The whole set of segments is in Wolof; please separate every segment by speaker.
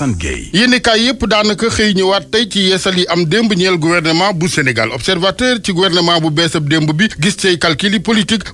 Speaker 1: Assane Gueye yéenekaay yépp daanaka xëy ñëwaat tey ci yeesal yi am démb ñeel gouvernement bu Sénégal observateur ci gouvernement bu beesab démb bi gis cay calcul yi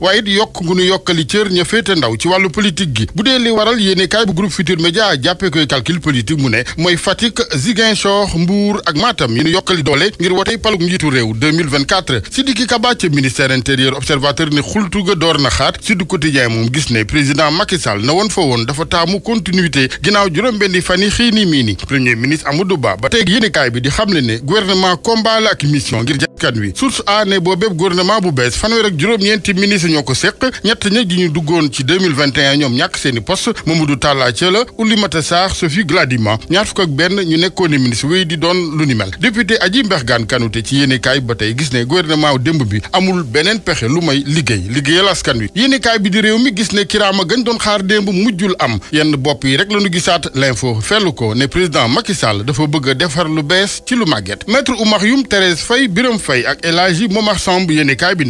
Speaker 1: waaye it yokk ngu nu yokkali cër ña féete ndaw ci wàllu politique gi bu dee li waral yéenekaay bu groupe Futur Média jàppee koy calcul politique mu ne mooy Fatick Ziguinchor Mbour ak Matam yi nu yokkali doole ngir wotey palug njiitu réew 2024 Sidiki Kaba ci ministère intérieur observateur ne xultu ga moom gis ne président Macky Sall na woon fa woon dafa taamu continuité ginnaaw juróom-benni fan yi ni mii ni premier ministre Amadou Ba ba teeg yéenekaay bi di xamle ne gouvernement combat la ak mission ngir jàkkan wi source a ne boo bu bees fanweer ak juróom-ñeenti ministre ñoo ko séq ñett ña di ñu duggoon ci ñoom ñàkk seeni poste Mamadou Talla Thiala Oulimata Sarr Sophie Gladima ñaar fukk ak benn ñu nekkoon ministre wéy di doon lu ni mel député Adji Mbergane Kanouté ci yéenekaay ba tey gis ne gouvernement démb bi amul beneen pexe lu may ko ne président Macky dafa bëgg a defar lu bees ci lu màgget maître Oumar Youm Thérèse Faye Birame Faye ak El Hadji Samb yéeni kaay bi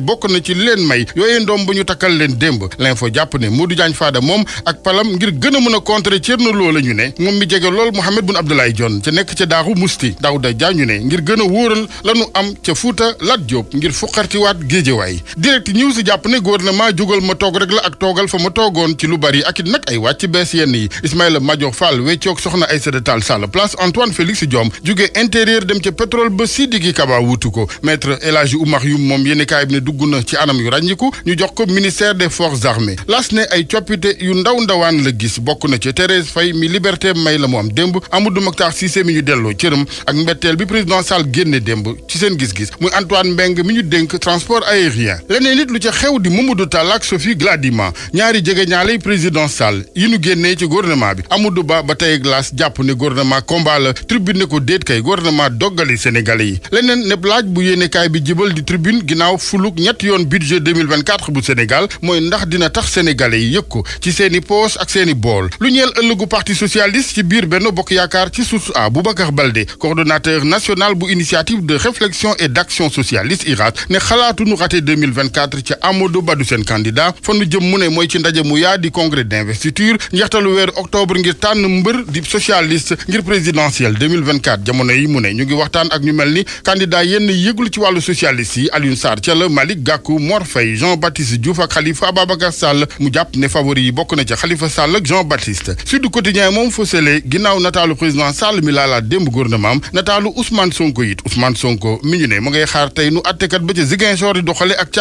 Speaker 1: bokk na ci leen may yooyee ndoom ba ñu takkal leen démb l'info jàpp ne Modou Diagne Fada moom ak palam ngir gën a mën a contrer Thierno Lo la ñu ne moom mi jege lool Mouhamed Boun Abdoulaye Dionne ca nekk ca Daaru Musti Daouda Dia ne ngir gën a wóoral la ñu am ca Fuuta Lat Diop ngir fuqartiwaat Géejawaay Direct News ma toog rek la ak toogal fa ma toogoon ci lu bari ak it nag wàccoog soxna Aïssata Tall Sall place Antoine Félix Diome jugee intérieur dem ca pétrole ba Sidiki Kaba wuutu ko maître El Hadji Oumar Youm moom yéen kaay bi ne dugg na ci anam yu ràññiku ñu jox ko ministère des forces armées las ne ay coppite yu ndaw ndawaan la gis bokk na ci Thérèse Faye mi liberté may la mu am démb Amadou Makhtar Cissé mi ñu delloo cëram ak mbetteel bi président Sall génne démb ci seen gis-gis muy Antoine Mbengue mi ñu dénk transport aérien leneen lu ca xew di Mamadou Tall ak Sophie Gladima ñaari jege ñaaley président Sall yi ñu génnee ci gouvernement bi yéene glace jàpp ne gouvernement combat la tribune ne ko déet kay gouvernement doggali sénégalais yi leneen neb laaj bu yéene bi jibal di tribune ginnaaw fuluk ñett yoon budget 2024 bu Sénégal mooy ndax dina tax sénégalais yi yëg ko ci seeni poos ak seeni bool lu ñeel ëllëgu parti socialiste ci biir benn bokk yaakaar ci source a Boubacar Baldé coordonnateur national bu initiative de réflexion et d'action socialiste IRAS ne xalaatuñu raté 2024 ci Amadou Ba seen di socialiste ngir présidentielle 2024 jamono yi mu ne ñu ngi waxtaan ak ñu mel ni candidat yenn yëglu ci wàllu socialiste yi Alioune Sarr ca la Malick Gakou Mor Jean Baptiste Diouf ak Khalifa Ababacar Sall mu jàpp ne favori yi bokk na ca Khalifa Sall ak Jean Baptiste Sud Quotidien moom fësale ginnaaw nataalu président Sall mi laalaat démb gouvernement nataalu Ousmane Sonko it Ousmane Sonko mi ñu ne ma ngay xaar tey nu attekat ba ca Ziguinchor di doxale ak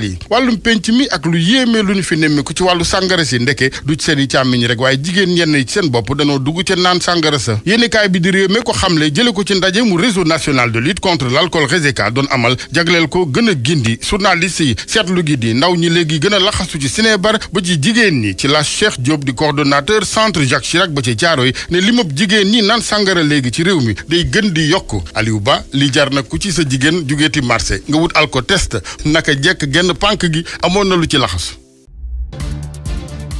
Speaker 1: yi wàllum penc sàngara si ndeke du seen i càmmiñ rek waaye jigéen ñenn yi seen bopp danoo dugg ca naan sàngara sa yéenekaay bi di réew mi ko xamle jële ko ci ndaje mu réseau national de lutte contre l'alcool RESECA doon amal jagleel ko gën a gindi journaliste si seetlu gi di ndaw ñi léegi gën a laxasu ci sinébar ba ci jigéen ñi ci la Cheikh Diop di coordonnateur centre Jacques Chirac ba ci jaaro yi ne li mab jigéen ñi naan sàngara léegi ci réew mi day gën di yokk Aliou Ba li jar na ku ci sa jigéen jugeeti marché nga wut alko test naka jekk genn pànk gi amoon na lu ci laxasu